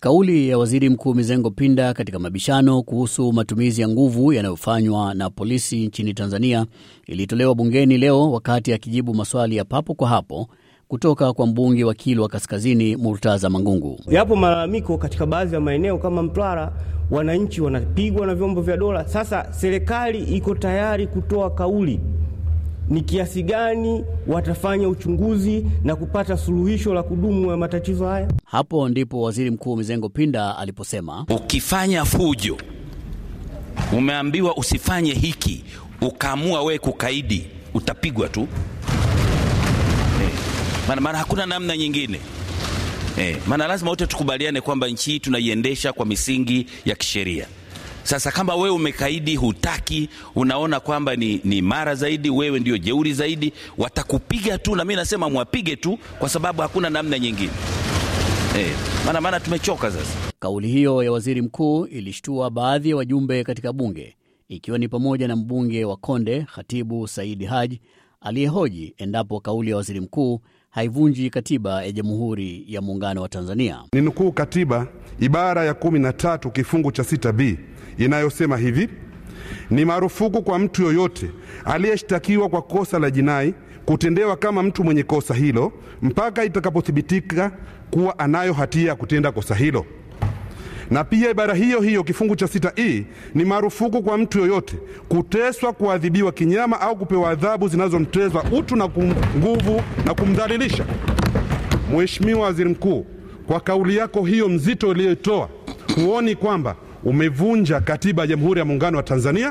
Kauli ya waziri mkuu Mizengo Pinda katika mabishano kuhusu matumizi ya nguvu yanayofanywa na polisi nchini Tanzania ilitolewa bungeni leo wakati akijibu maswali ya papo kwa hapo kutoka kwa mbunge wa Kilwa Kaskazini, Murtaza Mangungu. Yapo malalamiko katika baadhi ya maeneo kama Mtwara, wananchi wanapigwa na vyombo vya dola. Sasa serikali iko tayari kutoa kauli ni kiasi gani watafanya uchunguzi na kupata suluhisho la kudumu ya matatizo haya. Hapo ndipo Waziri Mkuu Mizengo Pinda aliposema, ukifanya fujo, umeambiwa usifanye hiki, ukaamua we kukaidi, utapigwa tu, eh, maana maana hakuna namna nyingine. Eh, maana lazima wote tukubaliane kwamba nchi hii tunaiendesha kwa misingi ya kisheria. Sasa kama wewe umekaidi, hutaki, unaona kwamba ni, ni mara zaidi, wewe ndio jeuri zaidi, watakupiga tu, na mimi nasema mwapige tu, kwa sababu hakuna namna nyingine eh, maana maana tumechoka sasa. Kauli hiyo ya waziri mkuu ilishtua baadhi ya wa wajumbe katika bunge, ikiwa ni pamoja na mbunge wa Konde Khatibu Saidi Haji aliyehoji endapo kauli ya waziri mkuu haivunji katiba ya Jamhuri ya Muungano wa Tanzania. Ni nukuu katiba ibara ya kumi na tatu kifungu cha sita b inayosema hivi: ni marufuku kwa mtu yoyote aliyeshtakiwa kwa kosa la jinai kutendewa kama mtu mwenye kosa hilo mpaka itakapothibitika kuwa anayo hatia ya kutenda kosa hilo. Na pia ibara hiyo hiyo kifungu cha sita i e, ni marufuku kwa mtu yoyote kuteswa, kuadhibiwa kinyama au kupewa adhabu zinazomteza utu na nguvu na kumdhalilisha. Mheshimiwa Waziri Mkuu, kwa kauli yako hiyo mzito uliyoitoa, huoni kwamba umevunja katiba ya Jamhuri ya Muungano wa Tanzania?